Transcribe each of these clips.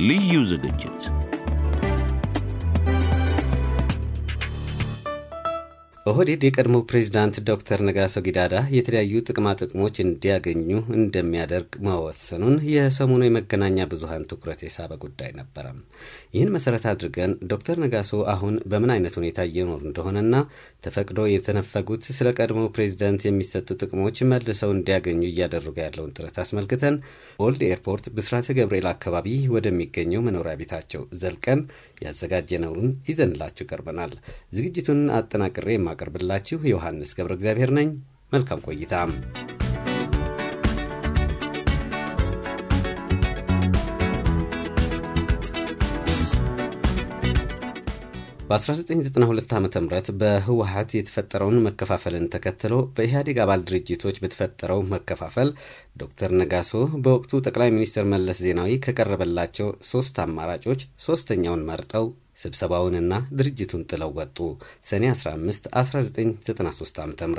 Lee user engines. ኦህዴድ የቀድሞ ፕሬዚዳንት ዶክተር ነጋሶ ጊዳዳ የተለያዩ ጥቅማ ጥቅሞች እንዲያገኙ እንደሚያደርግ መወሰኑን የሰሞኑ የመገናኛ ብዙሀን ትኩረት የሳበ ጉዳይ ነበረም። ይህን መሰረት አድርገን ዶክተር ነጋሶ አሁን በምን አይነት ሁኔታ እየኖሩ እንደሆነና ተፈቅዶ የተነፈጉት ስለ ቀድሞ ፕሬዚዳንት የሚሰጡ ጥቅሞች መልሰው እንዲያገኙ እያደረገ ያለውን ጥረት አስመልክተን ኦልድ ኤርፖርት ብስራተ ገብርኤል አካባቢ ወደሚገኘው መኖሪያ ቤታቸው ዘልቀን ያዘጋጀነውን ይዘንላችሁ ቀርበናል። ዝግጅቱን አጠናቅሬ የማቀርብላችሁ ዮሐንስ ገብረ እግዚአብሔር ነኝ። መልካም ቆይታም በ1992 ዓ ም በህወሀት የተፈጠረውን መከፋፈልን ተከትሎ በኢህአዴግ አባል ድርጅቶች በተፈጠረው መከፋፈል ዶክተር ነጋሶ በወቅቱ ጠቅላይ ሚኒስትር መለስ ዜናዊ ከቀረበላቸው ሶስት አማራጮች ሶስተኛውን መርጠው ስብሰባውንና ድርጅቱን ጥለው ወጡ። ሰኔ 15 1993 ዓ ም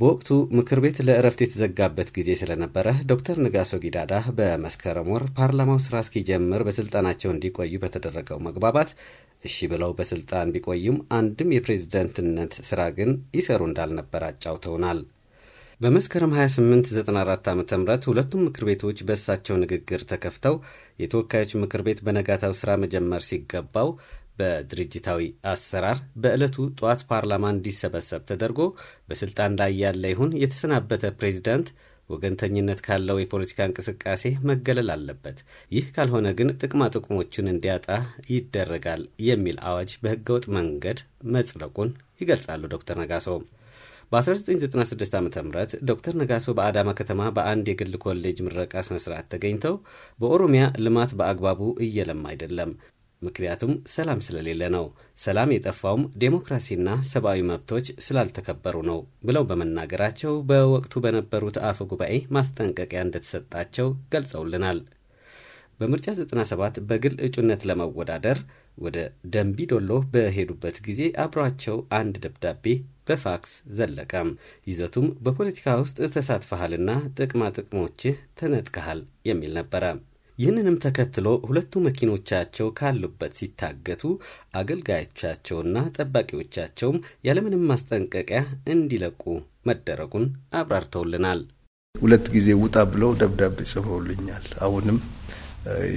በወቅቱ ምክር ቤት ለእረፍት የተዘጋበት ጊዜ ስለነበረ ዶክተር ነጋሶ ጊዳዳ በመስከረም ወር ፓርላማው ስራ እስኪጀምር በስልጣናቸው እንዲቆዩ በተደረገው መግባባት እሺ ብለው በስልጣን ቢቆዩም አንድም የፕሬዝደንትነት ስራ ግን ይሰሩ እንዳልነበር አጫውተውናል። በመስከረም 28 ዓ ም ሁለቱም ምክር ቤቶች በእሳቸው ንግግር ተከፍተው የተወካዮች ምክር ቤት በነጋታው ሥራ መጀመር ሲገባው በድርጅታዊ አሰራር በዕለቱ ጠዋት ፓርላማ እንዲሰበሰብ ተደርጎ በስልጣን ላይ ያለ ይሁን የተሰናበተ ፕሬዚዳንት ወገንተኝነት ካለው የፖለቲካ እንቅስቃሴ መገለል አለበት። ይህ ካልሆነ ግን ጥቅማ ጥቅሞቹን እንዲያጣ ይደረጋል የሚል አዋጅ በህገወጥ መንገድ መጽደቁን ይገልጻሉ ዶክተር ነጋሶ። በ1996 ዓ ም ዶክተር ነጋሶ በአዳማ ከተማ በአንድ የግል ኮሌጅ ምረቃ ስነ ስርዓት ተገኝተው በኦሮሚያ ልማት በአግባቡ እየለማ አይደለም፣ ምክንያቱም ሰላም ስለሌለ ነው። ሰላም የጠፋውም ዴሞክራሲና ሰብአዊ መብቶች ስላልተከበሩ ነው ብለው በመናገራቸው በወቅቱ በነበሩት አፈ ጉባኤ ማስጠንቀቂያ እንደተሰጣቸው ገልጸውልናል። በምርጫ 97 በግል እጩነት ለመወዳደር ወደ ደንቢ ዶሎ በሄዱበት ጊዜ አብሯቸው አንድ ደብዳቤ በፋክስ ዘለቀም። ይዘቱም በፖለቲካ ውስጥ ተሳትፈሃልና ጥቅማ ጥቅሞችህ ተነጥቀሃል የሚል ነበረ። ይህንንም ተከትሎ ሁለቱ መኪኖቻቸው ካሉበት ሲታገቱ አገልጋዮቻቸውና ጠባቂዎቻቸውም ያለምንም ማስጠንቀቂያ እንዲለቁ መደረጉን አብራርተውልናል። ሁለት ጊዜ ውጣ ብለው ደብዳቤ ጽፈውልኛል። አሁንም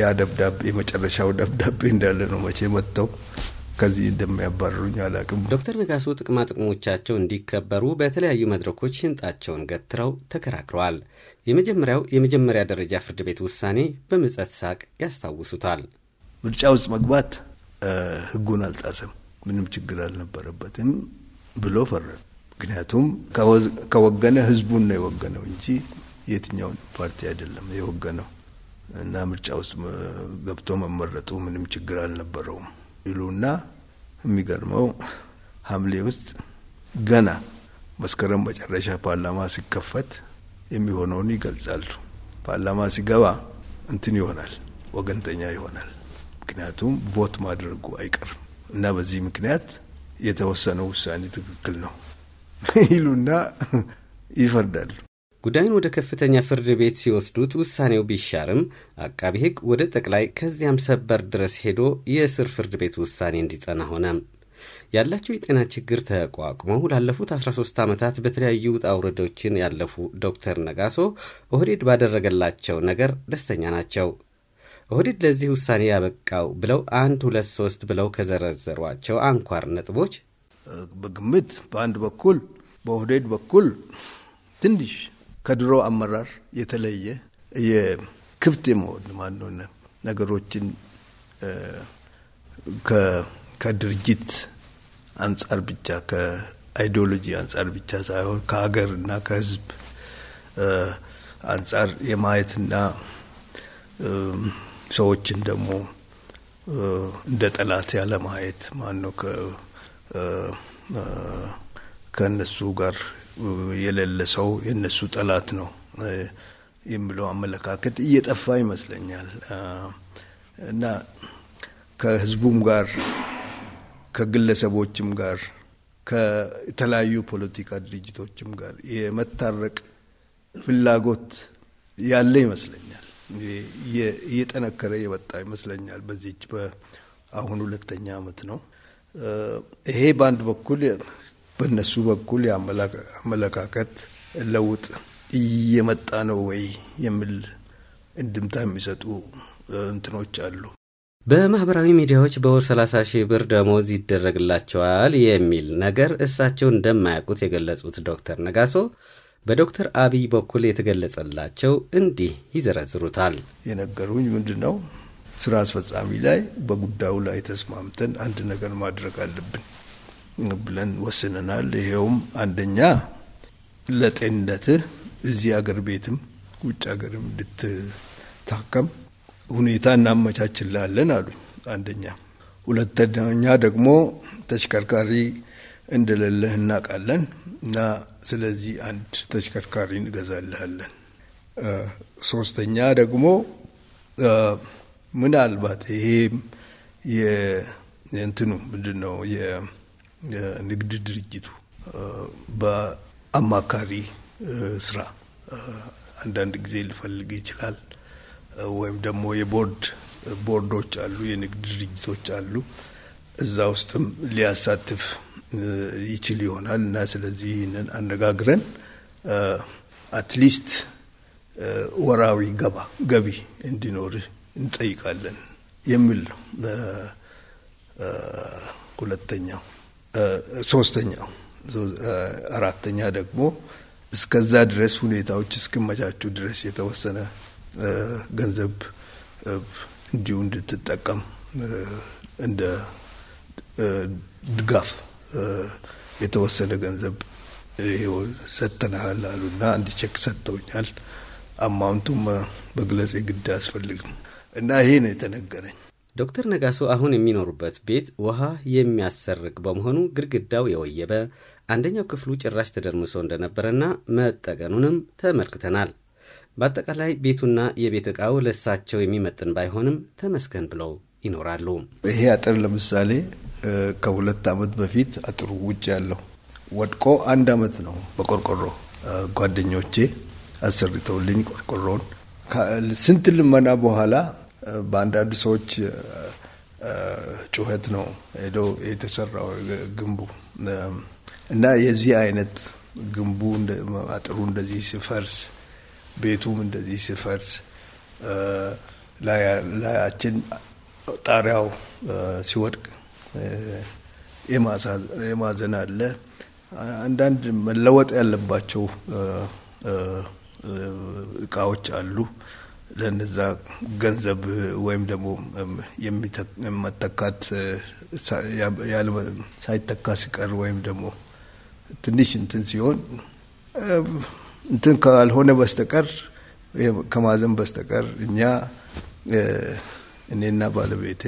ያ ደብዳቤ የመጨረሻው ደብዳቤ እንዳለ ነው። መቼ መጥተው ከዚህ እንደሚያባረሩኝ አላቅም። ዶክተር ነጋሶ ጥቅማ ጥቅሞቻቸው እንዲከበሩ በተለያዩ መድረኮች ሽንጣቸውን ገትረው ተከራክረዋል። የመጀመሪያው የመጀመሪያ ደረጃ ፍርድ ቤት ውሳኔ በምጸት ሳቅ ያስታውሱታል። ምርጫ ውስጥ መግባት ህጉን አልጣሰም፣ ምንም ችግር አልነበረበትም ብሎ ፈረደ። ምክንያቱም ከወገነ ህዝቡን ነው የወገነው እንጂ የትኛውን ፓርቲ አይደለም የወገነው እና ምርጫ ውስጥ ገብቶ መመረጡ ምንም ችግር አልነበረውም። ይሉና የሚገርመው ሐምሌ ውስጥ ገና መስከረም መጨረሻ ፓርላማ ሲከፈት የሚሆነውን ይገልጻሉ። ፓርላማ ሲገባ እንትን ይሆናል፣ ወገንተኛ ይሆናል። ምክንያቱም ቮት ማድረጉ አይቀርም እና በዚህ ምክንያት የተወሰነው ውሳኔ ትክክል ነው ይሉና ይፈርዳሉ። ጉዳዩን ወደ ከፍተኛ ፍርድ ቤት ሲወስዱት ውሳኔው ቢሻርም አቃቢ ሕግ ወደ ጠቅላይ ከዚያም ሰበር ድረስ ሄዶ የእስር ፍርድ ቤት ውሳኔ እንዲጸና ሆነ። ያላቸው የጤና ችግር ተቋቁመው ላለፉት 13 ዓመታት በተለያዩ ውጣ ውረዶችን ያለፉ ዶክተር ነጋሶ ኦህዴድ ባደረገላቸው ነገር ደስተኛ ናቸው። ኦህዴድ ለዚህ ውሳኔ ያበቃው ብለው አንድ ሁለት ሶስት ብለው ከዘረዘሯቸው አንኳር ነጥቦች በግምት በአንድ በኩል በኦህዴድ በኩል ትንሽ ከድሮ አመራር የተለየ የክፍት የመሆን ማንነ ነገሮችን ከድርጅት አንጻር ብቻ ከአይዲዮሎጂ አንጻር ብቻ ሳይሆን ከሀገርና ከህዝብ አንጻር የማየትና ሰዎችን ደግሞ እንደ ጠላት ያለ ማየት ማን ነው ከእነሱ ጋር የሌለ ሰው የነሱ ጠላት ነው የሚለው አመለካከት እየጠፋ ይመስለኛል እና ከህዝቡም ጋር ከግለሰቦችም ጋር ከተለያዩ ፖለቲካ ድርጅቶችም ጋር የመታረቅ ፍላጎት ያለ ይመስለኛል። እየጠነከረ የመጣ ይመስለኛል። በዚች በአሁን ሁለተኛ አመት ነው። ይሄ በአንድ በኩል በእነሱ በኩል የአመለካከት ለውጥ እየመጣ ነው ወይ የሚል እንድምታ የሚሰጡ እንትኖች አሉ። በማህበራዊ ሚዲያዎች በወር 30 ሺህ ብር ደሞዝ ይደረግላቸዋል የሚል ነገር እሳቸው እንደማያውቁት የገለጹት ዶክተር ነጋሶ በዶክተር አብይ በኩል የተገለጸላቸው እንዲህ ይዘረዝሩታል። የነገሩኝ ምንድን ነው? ስራ አስፈጻሚ ላይ በጉዳዩ ላይ ተስማምተን አንድ ነገር ማድረግ አለብን ብለን ወስነናል። ይሄውም አንደኛ ለጤንነትህ እዚህ አገር ቤትም ውጭ ሀገርም እንድትታከም ሁኔታ እናመቻችላለን አሉ አንደኛ። ሁለተኛ ደግሞ ተሽከርካሪ እንደሌለህ እናውቃለን እና ስለዚህ አንድ ተሽከርካሪ እንገዛልሃለን። ሶስተኛ ደግሞ ምናልባት ይሄም የእንትኑ ምንድን ነው ንግድ ድርጅቱ በአማካሪ ስራ አንዳንድ ጊዜ ሊፈልግ ይችላል። ወይም ደግሞ የቦርድ ቦርዶች አሉ፣ የንግድ ድርጅቶች አሉ። እዛ ውስጥም ሊያሳትፍ ይችል ይሆናል እና ስለዚህ ይህንን አነጋግረን አትሊስት ወራዊ ገባ ገቢ እንዲኖር እንጠይቃለን የሚል ነው። ሁለተኛው ሶስተኛው አራተኛ ደግሞ እስከዛ ድረስ ሁኔታዎች እስክመቻቹ ድረስ የተወሰነ ገንዘብ እንዲሁ እንድትጠቀም እንደ ድጋፍ የተወሰነ ገንዘብ ይሄው ሰጥተናል አሉና አንድ ቼክ ሰጥተውኛል። አማውንቱም መግለጽ የግድ አያስፈልግም እና ይሄ ነው የተነገረኝ። ዶክተር ነጋሶ አሁን የሚኖሩበት ቤት ውሃ የሚያሰርግ በመሆኑ ግድግዳው የወየበ አንደኛው ክፍሉ ጭራሽ ተደርምሶ እንደነበረና መጠገኑንም ተመልክተናል። በአጠቃላይ ቤቱና የቤት ዕቃው ለሳቸው የሚመጥን ባይሆንም ተመስገን ብለው ይኖራሉ። ይሄ አጥር ለምሳሌ ከሁለት ዓመት በፊት አጥሩ ውጭ ያለው ወድቆ አንድ ዓመት ነው በቆርቆሮ ጓደኞቼ አሰርተውልኝ ቆርቆሮውን ስንት ልመና በኋላ በአንዳንድ ሰዎች ጩኸት ነው ሄዶ የተሰራው ግንቡ እና የዚህ አይነት ግንቡ አጥሩ እንደዚህ ሲፈርስ፣ ቤቱም እንደዚህ ሲፈርስ ላያችን ጣሪያው ሲወድቅ የማዘን አለ። አንዳንድ መለወጥ ያለባቸው እቃዎች አሉ። ለነዛ ገንዘብ ወይም ደግሞ የሚመተካት ሳይተካ ሲቀር ወይም ደግሞ ትንሽ እንትን ሲሆን እንትን ካልሆነ በስተቀር ከማዘን በስተቀር እኛ እኔና ባለቤቴ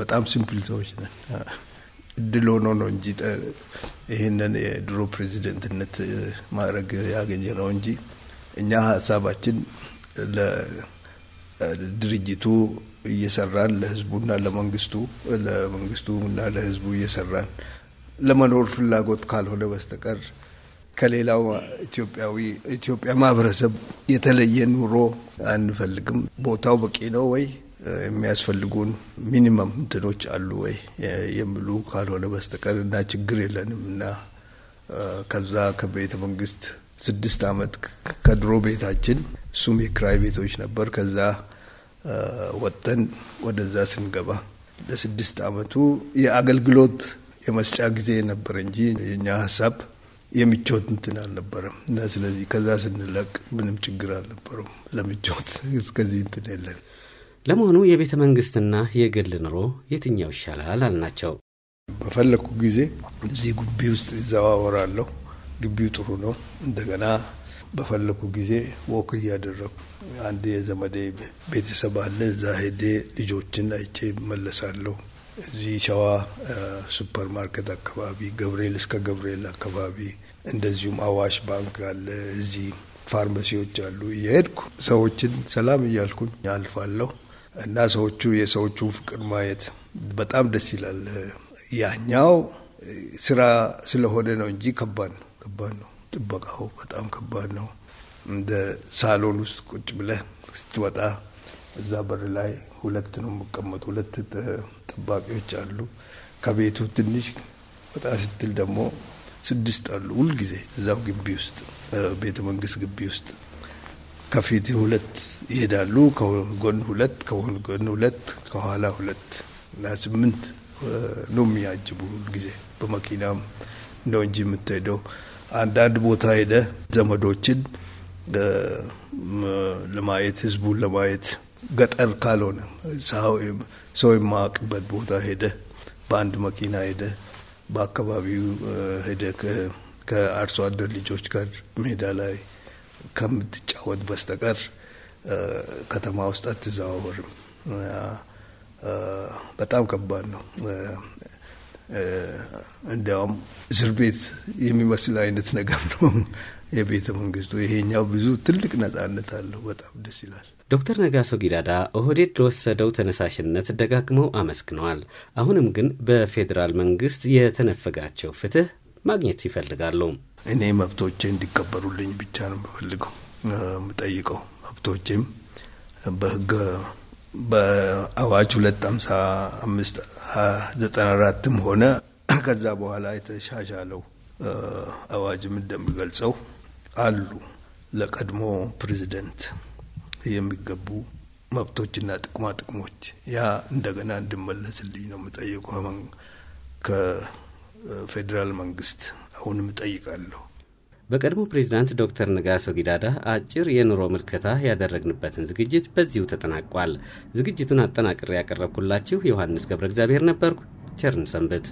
በጣም ሲምፕል ሰዎች ነን። እድል ሆኖ ነው እንጂ ይህንን የድሮ ፕሬዚደንትነት ማድረግ ያገኘ ነው እንጂ እኛ ሀሳባችን ለድርጅቱ እየሰራን ለህዝቡና ለመንግስቱ ለመንግስቱና ለህዝቡ እየሰራን ለመኖር ፍላጎት ካልሆነ በስተቀር ከሌላው ኢትዮጵያዊ ኢትዮጵያ ማህበረሰብ የተለየ ኑሮ አንፈልግም። ቦታው በቂ ነው ወይ የሚያስፈልጉን ሚኒመም እንትኖች አሉ ወይ የሚሉ ካልሆነ በስተቀር እና ችግር የለንም እና ከዛ ከቤተ መንግስት ስድስት አመት ከድሮ ቤታችን እሱም የክራይ ቤቶች ነበር። ከዛ ወጥተን ወደዛ ስንገባ ለስድስት አመቱ የአገልግሎት የመስጫ ጊዜ ነበር እንጂ የእኛ ሀሳብ የምቾት እንትን አልነበረም እና ስለዚህ ከዛ ስንለቅ ምንም ችግር አልነበረም። ለምቾት እስከዚህ እንትን የለን። ለመሆኑ የቤተ መንግስትና የግል ኑሮ የትኛው ይሻላል አልናቸው። በፈለግኩ ጊዜ እዚህ ጉቢ ውስጥ ይዘዋወራለሁ ግቢው ጥሩ ነው። እንደገና በፈለኩ ጊዜ ወክ እያደረኩ አንድ የዘመዴ ቤተሰብ አለ። እዛ ሄዴ ልጆችን አይቼ መለሳለሁ። እዚህ ሸዋ ሱፐር ማርኬት አካባቢ፣ ገብርኤል እስከ ገብርኤል አካባቢ፣ እንደዚሁም አዋሽ ባንክ አለ። እዚህ ፋርማሲዎች አሉ። እየሄድኩ ሰዎችን ሰላም እያልኩኝ አልፋለሁ እና ሰዎቹ የሰዎቹን ፍቅር ማየት በጣም ደስ ይላል። ያኛው ስራ ስለሆነ ነው እንጂ ከባድ ነው። ከባድ ነው። ጥበቃው በጣም ከባድ ነው። እንደ ሳሎን ውስጥ ቁጭ ብለህ ስትወጣ እዛ በር ላይ ሁለት ነው የሚቀመጡ ሁለት ጠባቂዎች አሉ። ከቤቱ ትንሽ ወጣ ስትል ደግሞ ስድስት አሉ። ሁልጊዜ እዛው ግቢ ውስጥ ቤተ መንግስት ግቢ ውስጥ ከፊት ሁለት ይሄዳሉ፣ ከጎን ሁለት፣ ከጎን ሁለት፣ ከኋላ ሁለት እና ስምንት ነው የሚያጅቡ ሁልጊዜ በመኪናም ነው እንጂ የምትሄደው አንዳንድ ቦታ ሄደ ዘመዶችን ለማየት ህዝቡን ለማየት ገጠር ካልሆነ ሰው የማያውቅበት ቦታ ሄደ፣ በአንድ መኪና ሄደ፣ በአካባቢው ሄደ ከአርሶ አደር ልጆች ጋር ሜዳ ላይ ከምትጫወት በስተቀር ከተማ ውስጥ አትዘዋወርም። በጣም ከባድ ነው። እንዲያውም እስር ቤት የሚመስል አይነት ነገር ነው የቤተ መንግስቱ። ይሄኛው ብዙ ትልቅ ነጻነት አለው። በጣም ደስ ይላል። ዶክተር ነጋሶ ጊዳዳ ኦህዴድ ለወሰደው ተነሳሽነት ደጋግመው አመስግነዋል። አሁንም ግን በፌዴራል መንግስት የተነፈጋቸው ፍትህ ማግኘት ይፈልጋሉ። እኔ መብቶቼ እንዲከበሩልኝ ብቻ ነው የምፈልገው የምጠይቀው መብቶቼም በህገ በአዋጅ ሁለት ሀምሳ አምስት ዘጠና አራትም ሆነ ከዛ በኋላ የተሻሻለው አዋጅም እንደሚገልጸው አሉ ለቀድሞ ፕሬዚደንት የሚገቡ መብቶችና ጥቅማ ጥቅሞች ያ እንደገና እንድመለስልኝ ነው የምጠይቀው ከፌዴራል መንግስት አሁንም እጠይቃለሁ። በቀድሞ ፕሬዚዳንት ዶክተር ነጋሶ ጊዳዳ አጭር የኑሮ ምልከታ ያደረግንበትን ዝግጅት በዚሁ ተጠናቋል። ዝግጅቱን አጠናቅሬ ያቀረብኩላችሁ ዮሐንስ ገብረ እግዚአብሔር ነበርኩ። ቸርን ሰንብት።